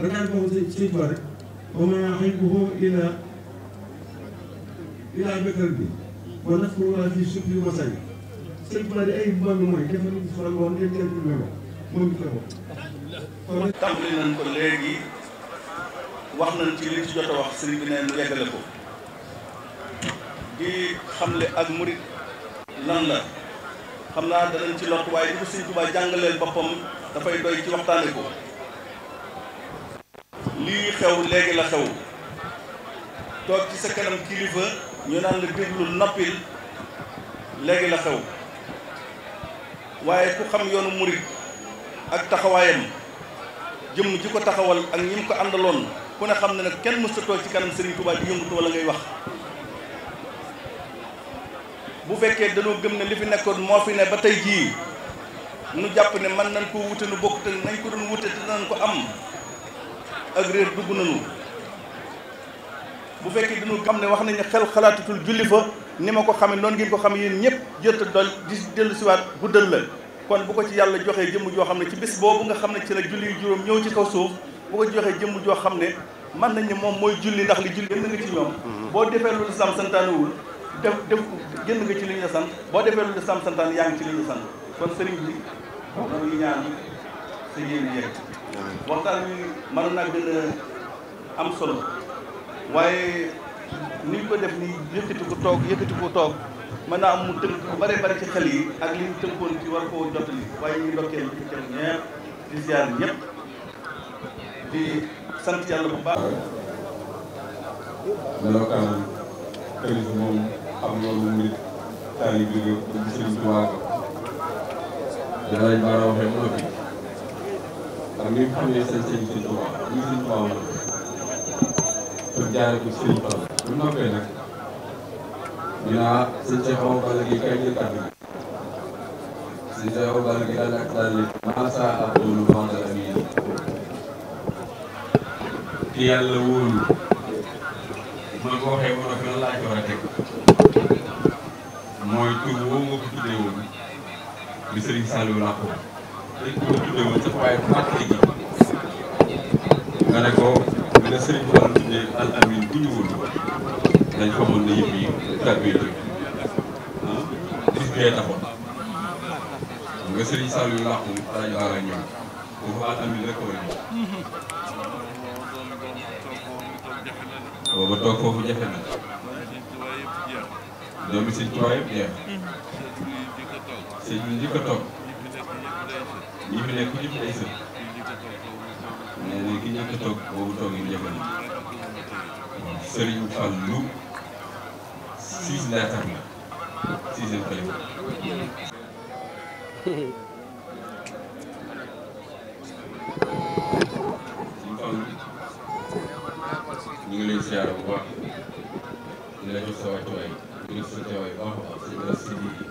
ragal boobu sëñ sëñ Tuubaa rek wa man yuhibbuhu ilaa ilaa bëkkër bi wa nafsuhu fii suufli wa sañ sëñ Tuubaa di ay mbang mooy dafa nit ñi faral woon ngeen jël ñu moom it ko tàmbali nañ ko léegi wax nañ ci li ci jot a wax sëriñ bi neen yeggale ko di xamle ak murit lan la xam naa danañ ci lokk waaye di ko sëñ Tuubaa jàngaleel boppam dafay doy ci waxtaane ko lii xew léegi la xew toog ci sa kanam kilifa ñu naan la déglu noppil léegi la xew waaye ku xam yoonu murit ak taxawaayam jëmm ji ko taxawal ak ñi ko àndaloon ku ne xam ne nag kenn mësta toog ci kanam Serigne Touba di yëngutu wala ngay wax bu fekkee dañoo gëm ne li fi nekkoon moo fi ne ba tey jii nu jàpp ne mën nañ koo wute nu bokk te nañ ko doon wute te danañ ko am ak réer dugg nañu bu fekkee dañu xam ne wax nañu xel xalaatatul julli fa ni ma ko xamee noonu ngeen ko xam yéen ñëpp jëtta dol di dellu siwaat guddal la kon bu ko ci yàlla joxee jëmm joo xam ne ci bés boobu nga xam ne ci la julli juróom ñëw ci kaw suuf bu ko joxee jëmm joo xam ne mën nañ ne moom mooy julli ndax li julli génn nga ci ñoom mm-hmm. boo defee lu lislaam santaanewul def def génn nga ci li ñu sant boo defee lu lislaam yaa ngi ci li ñu kon sëriñ bi ñu ngi ñaan sa yéen yéen waxtaan wi mën naa gën a am solo waaye ni ko def ni yëkkati ko toog yëkkati ko toog mën naa am mu tënk bu bare bare ci xel yi ak li ñu tënkoon ci war koo jottali waaye ñu ndokkeel ci kër ñëpp di ziar ñëpp di sant yàlla bu baax. melokaan këris moom am yoonu nit taalibe bi jóge ko ci Sëriñ Tuubaa ko. Jalla Bara waxee mu noppi. kon ni nga ne seen seen seen tubaab ngi seen tubaab moom pour jaaree ko seen fan. bu noppee nag dinaa seen cee xaw gi kay jël kàddu gi. seen cee xaw bala gi daal ak daal maa saa ak loolu vendal amin ki yàlla wóolu mën ko waxee woon ak lan laa ci a teg mooy tur woo ma ko tuddee woon bi Serigne Saliou laa dañ ko tuddee woon sax nga ne ko bi sëriñ bi doon tuddee al amin bu ñu wul ne yëpp yi tarbiya la ah bis nga sëriñ Saliou làqu rajo Aara ñoom foofu al amin rek ko war a toog foofu jafe na doomi sëñ Tuubaa yëpp jeex sëñ bi njëkk a toog ñi fi nekk ku ci ay sët nee na ki ñàkk a toog boobu toog yi na Serigne Fallou six lettres la sixième xalifa Serigne Fallou ñu ngi lay siyaare bu baax di la jox sa wàccuwaay di la jox sa teewaay a baax si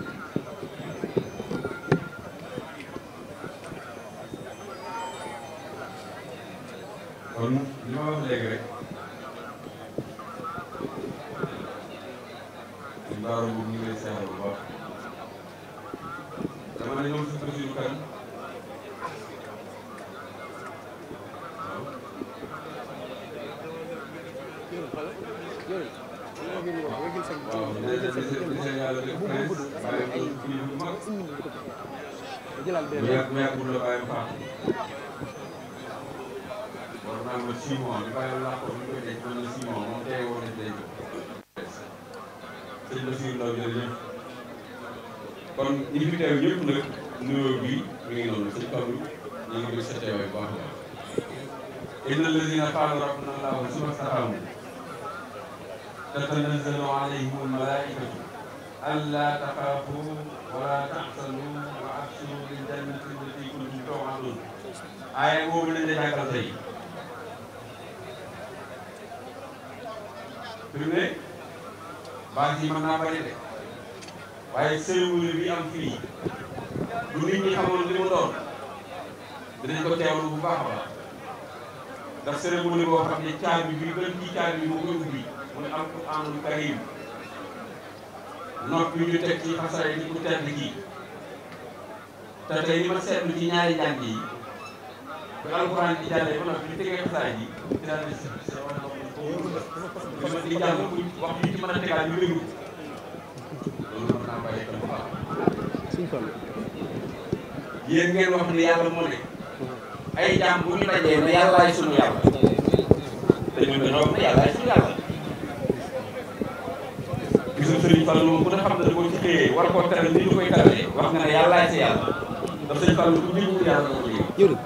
bu yàgg bu yàggul la bàyyi faatu war naa ma six mois bi bàyyi laa ko ñu koy denc man la six mois moom tey woon nañ denc sëñ la siir ndaw jërëjëf kon ñi fi teew ñëpp nag nuyoo bi mi ngi noonu sëñ Fallou ñu ngi bëgg sa teewaay bu baax la إن الذين قالوا ربنا الله ثم استقاموا تتنزل عليهم الملائكة ألا تخافوا ولا تحزنوا وأبشروا بالجنة التي كنتم توعدون آية بوب لن يتكلم تي primé baat yi mën naa bari de waaye cérémonie bi am fii lu nit ñi xamoon li mu doon dinañ ko teewlu bu baax a baax ndax cérémonie boo xam ne caabi bi gën ci caabi bi mu ngi ubbi muy alquranul karim nopp yu ñu teg ci xasaay yi ku tedd gi te tey li ma seetlu ci ñaari njàng yi ba alxuraan di jàllee ba noppi ñu tegee xasaay yi dina la gis gis nga wax dama di jàng kuñ wax ñu ci mën a tegaat ñu déglu loolu mën naa bàyyi tam baax yéen ngeen wax ni yàlla moo ne ay jaam bu ñu dajee ne yàllaay sunu yàlla te ñun dañoo wax ne yàllaay sunu yàlla Sëriñ Fallu moom ku ne xam ne da koo ci xëyee war teral ni ñu koy terale wax nga ne yàlla ndax Sëriñ Fallu ku jëmul yàlla la ko jëriñ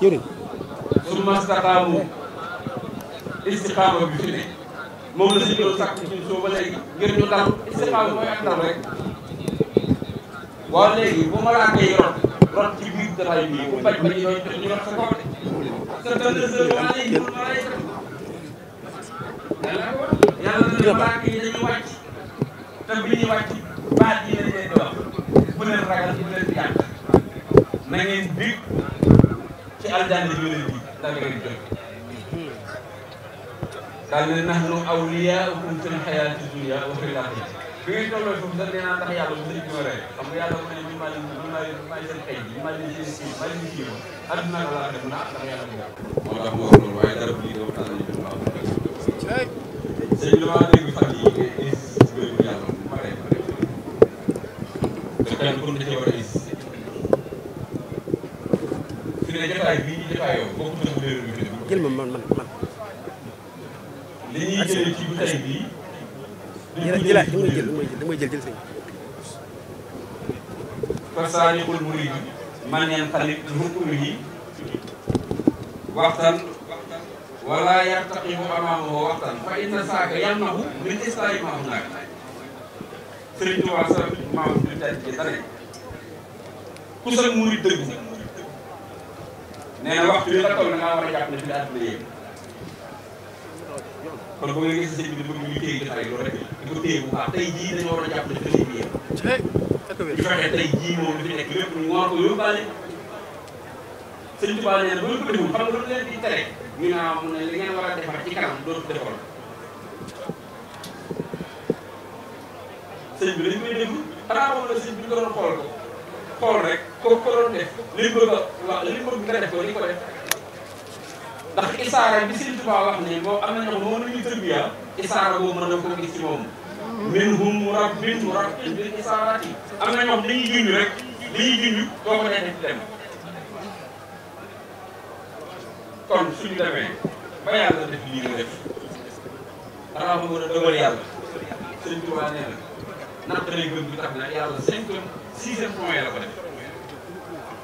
jëriñ su mastaqaamu istiqaama bi ci soo ba léegi ngir ñu dal istiqaama mooy ak dal rek waaw léegi bu ma laajtee rot rot ci biir dataay bi bu bañ bañ doon ñu rot sa kaw de sa tënd sa waa léegi man maa lay def yàlla na laaj yi dañu wàcc te bi ñuy wàcc baat yi lañ leen di wax bu leen ragal bu leen yàq na ngeen dig ci aljanna bi leen dig da ngeen jël daal ne nahnu awliyaakum fil hayaati dunya wa fil aaxirati bi ngeen tolloo foofu sax nee naa ndax yàlla bu sëñ bi ma rey xam nga yàlla bu ne ñu maa leen ñu maa leen ñu maa leen xëy ñu maa leen seen kii maa leen kii ma adduna la laa def naa ndax yàlla bu moo tax mu wax loolu waaye dara bu lii dama tànn ñu dem waaw sëñ bi jëlaat damay jël damay jël jël sëñ fasaaniqul murid man yanqalib ci hukmihi waxtan wala yartaqibu amaamahu waxtan fa inna saaka yamnahu min istayi ma hunaak sëriñ Tuubaa sa maam bi tedd ci dane ku sa murid dëgg nee na waxtu yi nga war a jàpp ne fi la àdduna yépp kon boo leen gis sëñ bi bëgg ñu téye jotaay loolu rek di ko téye bu baax tey jii dañoo war a jàpp ne sëñ bi yéen. di fexe tey jii moom li fi nekk lépp ñu war ko yóbbaale. sëñ Tuubaa nee na bu ñu ko deful xam nga lu leen di tere ñu naa ah mu ne li ngeen war a defar ci kanam dootu defoon. sëñ bi dañ koy déglu xanaa moom la sëñ bi ñu ko doon xool ko xool rek kooku ko doon def li mu bëgg a wax mu bëgg nga def ko li ndax isaara bi Sëriñ Tuubaa wax ne boo am na ñoo xam ne mënuñu tërbiya isaara boobu mën na ko gis ci moom minhum murabbin murabbin bil isaarati am na ñoo xam dañuy junj rek dañuy junj boo ko defee ci dem kon suñu demee ba yàlla def lii nga def dara ma mën a dogal yàlla Sëriñ Tuubaa nee na natt lay gëm bi tax na yàlla cinquième sixième point la ko def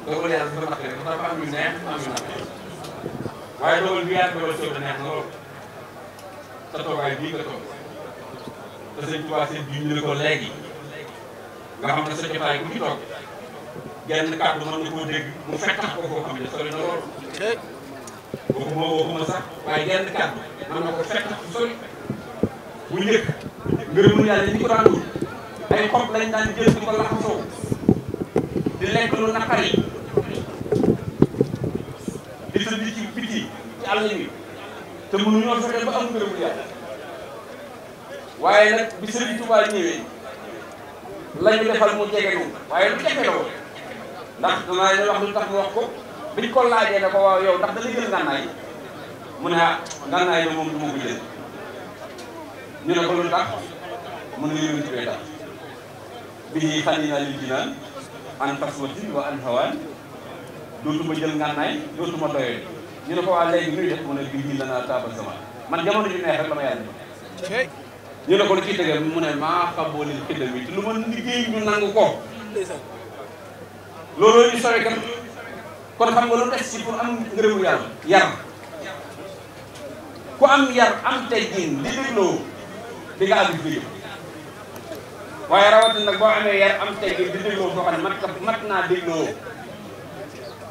dogal yàlla dafa natt rek dafa am yu neex am yu natt waaye loolu bi yaa ngi dogal Sëñ na lool sa toogaay bii nga toog te Sëñ Tuubaa bi ñu ne ko léegi nga xam ne sa jotaay bu ñu toog genn kàddu mën na koo dégg mu fekk tax ko koo xam ne sori na lool. waxuma waxuma sax waaye genn kàddu mën na ko fekk tax sori bu njëkk ngërëmu yàlla ni ko daan wut ay xob lañ daan jël di ko laxasoo di lekk lu naqari di tëdd ci. ci àll bi te mënuñoo fexe ba am ngërëmu yàlla waaye nag bi Sëriñ Tuubaa ñëwee la ñu defal mu jege ñu waaye lu jafe la woon ndax danaa leen wax lu tax mu wax ko biñ ko laajee ne ko waaw yow ndax danga jël ngànnaay mu ne ah ngànnaay la moom du ma ko jël ñu ne ko lu tax mu ne yonent bee tax bi ñuy xànni naa lil jinaan an faswatin wa an hawaan dootuma jël ngànnaay dootuma doyoon ñu ne ko waa léegi ñuy def mu ne la naa taabal zaman man jamono ju neex rek ma yàlla jox ñu ne ko lu ciy tege mu ne maa xaboolil xidam yi te lu ma liggéey ñu nangu ko looloo ñu sore kat kon xam nga lu des ci am ngërëmu yàlla yar ku am yar am teggin di dégloo di nga àgg fi waaye rawatina nag amee yar am teggin di dégloo koo xam ne mat mat naa dégloo